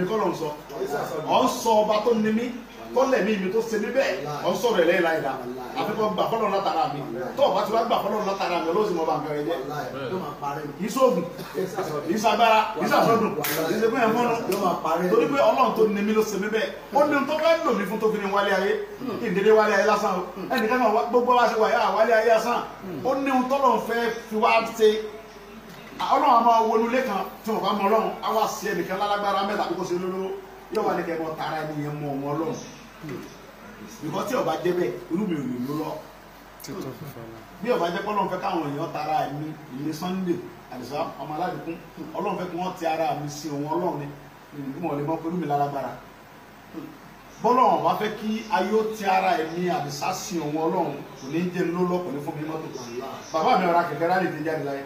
mi kọ́ ló ń sọ ọ̀ ń sọ ọba tó ní mí tó lẹ̀ mí mi tó ṣe mí bẹ́ẹ̀ ọ̀ ń sọ̀rọ̀ ẹ̀lẹ́yìn láyìí dáa àfikún gbà fọlọ́ látara mi tó o bá ti wá gbà fọlọ́ látara mi olóòsì mọ́ bá nǹkan rẹ jẹ́ ìṣòògùn ìṣàgbára ìṣàsọdùn ìṣègùn ẹ̀ mọ́nu torí pé ọlọ́run tó ní mí ló ṣe mí bẹ́ẹ̀ ó ní tó fẹ́ lò mí fún tó fi ní wálé ayé ìdílé wálé ayé lásán ẹnìkan náà gbogbo wa ṣe wà yá wálé ayé lásán ó ní tọ́lọ́ fẹ́ fi wá ṣe ọlọ́run àmọ́ wọnú ilé kan tí wọ́n bá mọ ọlọ́run á wá sí lálágbára mẹ́ta bí kò lóló yóò wá ní kẹ́kọ̀ọ́ tara ẹni yẹn mọ ọmọ ọlọ́run bìkọ́ tí ọba débẹ̀ irú ò lè ló lọ bí ọba jẹ́ pọ́lọ́n fẹ́ káwọn èèyàn tara ẹ̀mí ìyẹn Sunday àdìsá ọmọ aládìkún ọlọ́run fẹ́ kí wọ́n ti ara mi sí òun ọlọ́run ni ìgbìmọ̀ lè mọ́ pẹ̀lú lálágbára bọ́lọ̀ wọn bá fẹ́ kí ayé ó ti ara ẹ̀mí àbísà sin òun ọlọ́run kò ní jẹ́ ló lọ́pọ̀ ní fún mi mọ́tò bàbá mi ọ̀rá kẹ̀kẹ́ rálẹ̀ ti jáde láyé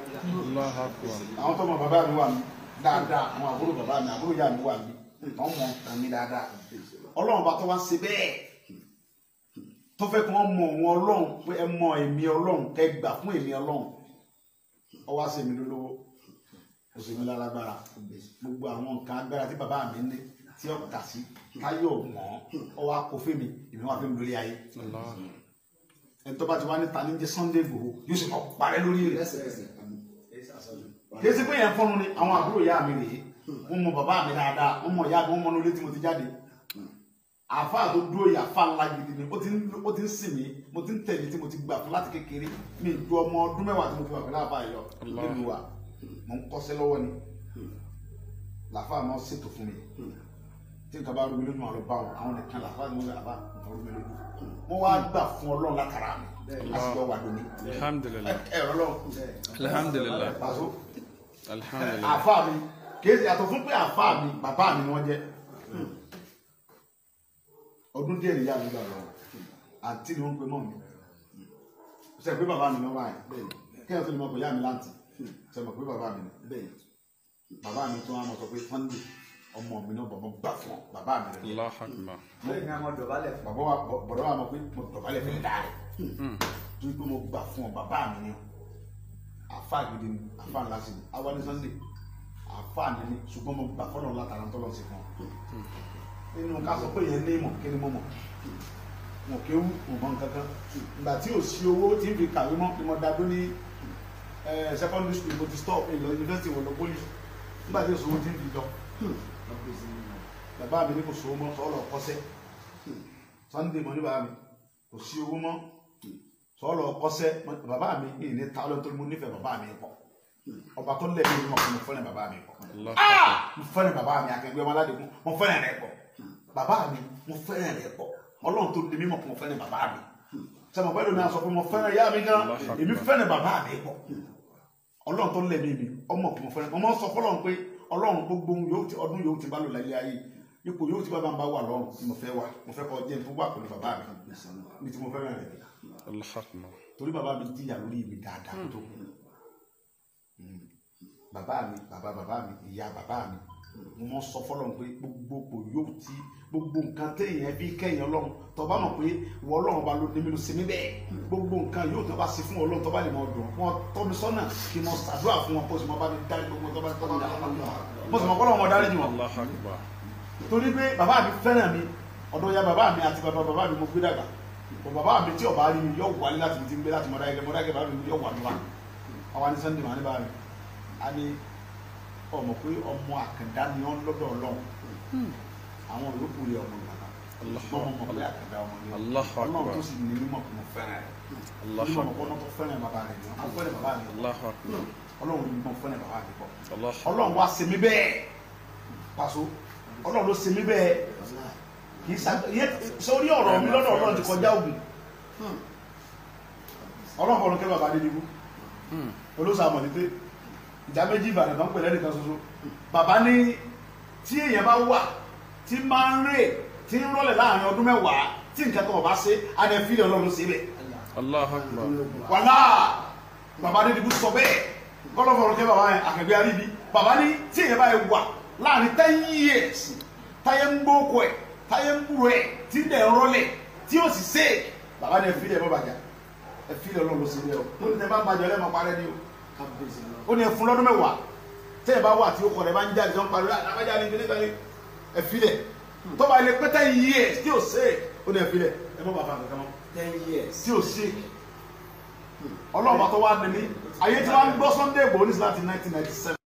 àwọn tọ́mọ bàbá mi wà mí dáadáa àwọn àbúrò bàbá mi àbúrò ìyá mi wà mí wọ́n mọ ọ̀tàn mi dáadáa ọlọ́run bá tó wá ṣe bẹ́ẹ̀ tó fẹ́ kí wọ́n mọ òun ọlọ́run pé ẹ mọ èmi ọlọ́run kẹ gbà fún èmi ọlọ́run ọ wá ṣe mi lólówó kò tí ó dà sí táyọ̀ mọ́ ọ wá kó fèmí èmi wá fèmí lórí ayé ẹni tó bá ti wá níta ní jẹ́ Sunday Igboho yóò sì kọ́ parẹ́ lórí rẹ̀ kí ẹ sì pé yẹn fọ́nrún ni àwọn àbúrò ìyá mi rèé wọ́n mọ bàbá mi dáadáa wọ́n mọ ìyá mi wọ́n mọ lórí tí mo ti jáde àfa tó dúró yìí àfa ńlá gidi ni ó ti ń sìn mí mo ti ń tẹ̀lé tí mo ti gbà fún láti kékeré mi ju ọmọ ọdún mẹ́wàá tí mo ti wà pẹ̀lú àbá yọ nínú wa mo ń kọ́ṣẹ́ lọ́wọ́ ni làfa máa ń ṣètò fún mi tí nǹkan bá rúmi lónìí máa lọ bá wọn àwọn nìkan làwọn àti wọn àbá nǹkan rúmi lónìí mo wá gbà fún Ọlọ́run látara mi àti ọwà lómi. alhamdulilayi alhamdulilayi alhamdulilayi àfa mi kéèsì àtọ̀ fún pé àfa mi bàbá mi ni wọ́n jẹ́ ọdún díẹ̀ nìyá mi gbà lọ àǹtí ni wọ́n pe mọ́ mi ṣe pé bàbá mi ni wọ́n bá yẹn kí tó lè mọ̀ pé yá mi láǹtì hmm. ṣe mọ̀ pé bàbá mi ni bàbá mi tó wọn mọ̀ sọ pé sunday ọmọ mi náà bàbá gbà fún ọ bàbá mi rẹ. lẹ́yìn náà mo dọ̀bálẹ̀ fún. bàbá wa bọ̀dọ̀ wa mọ̀ pé mo dọ̀bálẹ̀ fún dáa rẹ̀ hmm. tó pé mo gbà fún ọ bàbá mi ni àfa gidi ni àfa ńlá sí ni àwa ní Sunday àfa ni ni ṣùgbọ́n mo gbà fọ́nà látara ń tọ́lọ́ sí fún ọ. nínú ká sọ pé yẹn ní ìmọ̀ kí ni mo mọ̀ mo kí ó mọ̀ mọ́ nǹkan ìgbà tí ò sí owó tí n fi kàwé mọ́ ni mo da dún ní eh, secondary school mo ti stop ìlọ university wọ̀ lọ nígbà tí ò sí owó tí n fi lọ bàbá mi ní kò sówó mọ́ sọ́ọ́lọ̀ kọ́sẹ́ hmm. Sunday mọ́ ní bàbá mi kò sí owó mọ́ hmm. sọ́ọ́lọ̀ kọ́sẹ́ bàbá mi ní ní ta lọ́tọ́ mo nífẹ̀ẹ́ bàbá mi pọ̀ hmm. ọba tó lẹ̀ mí mọ̀ mo fẹ́ràn bàbá mi pọ̀ ah! mo fẹ́ràn bàbá mi akẹgbẹ́ wọn aládé mo fẹ́ràn rẹ̀ pọ̀ bàbá mi mo fẹ́ràn rẹ̀ pọ̀ ọlọ́run tó lè mí mọ̀ mo fẹ́ràn bàbá mi sẹ́mi ọ̀pẹ́ lómi àsọ pé mo fẹ́ràn yá mi gan èmi fẹ́ràn bàbá mi pọ̀ ọlọ́run tó lẹ̀ mi ọmọ mo fẹ́ràn ọmọ sọ fọlọ́run pé ọlọ́run gbogbo ọdún yòówù tí bá lò láyé ayé ipò yòówù tí bàbá ń bá wà lọ́run tí mo fẹ́ wà mo fẹ́ kọ́ jẹ́ tó wà pẹ̀lú bàbá mi ní tí mo fẹ́ràn rẹ̀ torí bàbá mi jìyà lórí mi dáadáa tó hmm. Hmm. bàbá mi bàbá bàbá mi ìyá bàbá mi mo mọ sọ fọlọ́n pé gbogbo kò yóò ti gbogbo nǹkan téèyàn bí kẹ́yìn ọlọ́run tọba mọ̀ pé ìwọ ọlọ́run ọba ló ní mi ló ṣe mí bẹ́ẹ̀ gbogbo nǹkan yóò tọba sí fún ọlọ́run tọba lè mọ ọdún wọn tọ́ mi sọ́nà kí mo ṣàdúrà fún wọn kó sì mọ bá mi dárí gbogbo tọba tọba mi dárí mo sì mọ kọ́lọ́ wọn dárí jù wọn. torí pé bàbá mi fẹ́ràn mi ọ̀dọ̀ ya bàbá mi àti bàbá bàbá mi mo gbé dàgbà bàbá mi tí ọba rí mi yọ wà ní láti mi ti ń gbé láti mọ̀dáyẹ̀kẹ́ mọ̀dáyẹ̀kẹ́ ọmọ pé ọmọ àkàndá ni ó ń lọ́dọ̀ ọlọ́run hmm. àwọn olókùn rẹ̀ ọmọ ìgbàlá ọmọ ọmọ pé àkàndá ọmọ ni ọlọ́run tó sì ní mímọ̀ kún fẹ́ràn rẹ̀ mímọ̀ kún tó fẹ́ràn bàbá rẹ̀ ni wọ́n fẹ́ràn bàbá rẹ̀ ọlọ́run ní mọ̀ fẹ́ràn bàbá rẹ̀ pọ̀ ọlọ́run wá ṣe mí bẹ́ẹ̀ pàṣọ ọlọ́run ló ṣe mí bẹ́ẹ̀ kì í sórí ọ̀rọ̀ mi lọ́dọ̀ ọlọ́run ti kọjá ògùn hmm. ọlọ́run kọ́ ló kẹ́ bàbá dé níbú hmm. olóṣàmọ̀ ní pé ìjà méjì ìbàdàn kan pẹ̀lẹ́ nìkan ṣoṣo bàbá ní tí èèyàn bá wà tí máa ń rè tí ń rọlẹ̀ láàrin ọdún mẹ́wàá tí nǹkan kan ọba ṣe adẹ́fílẹ̀ ọlọ́run ṣe bẹ́ẹ̀. Allahu Akbar. wàlá bàbá ní dìbò sọ bẹ́ẹ̀ kọ́lọ́fọ̀rọ̀ kẹ́ bàbá yẹn àkàgbé aríbi bàbá ní tí èèyàn bá yẹ wà láàrin ten years táyé ń gbóko ẹ̀ táyé ń kúrò ẹ̀ tí dẹ̀ ń rọlẹ̀ tí ó sì ṣe bàbá ní ẹ̀ fílẹ̀ ẹ̀ bọ́ bàjá ẹ̀ fílẹ̀ ọlọ́run ṣe bẹ́ẹ̀ o tó ní ó ní ẹfun lọ́dún mẹ́wàá tẹ́ ẹ bá wà tí ó kọ̀ rẹ̀ bá ń jáde tó parí ah, àbájá ni kíní kan ní ẹ̀fílẹ̀ tó bá ilé pé ten years tí ò ṣe ó ní ẹ̀fílẹ̀ ẹ mọ́ bàbá kankan mọ́ ten years tí ò ṣe hmm. ọlọ́ọ̀bà tó wá dé ayé tí wọ́n ń gbọ́ Sunday Igboho ní sí láti nineteen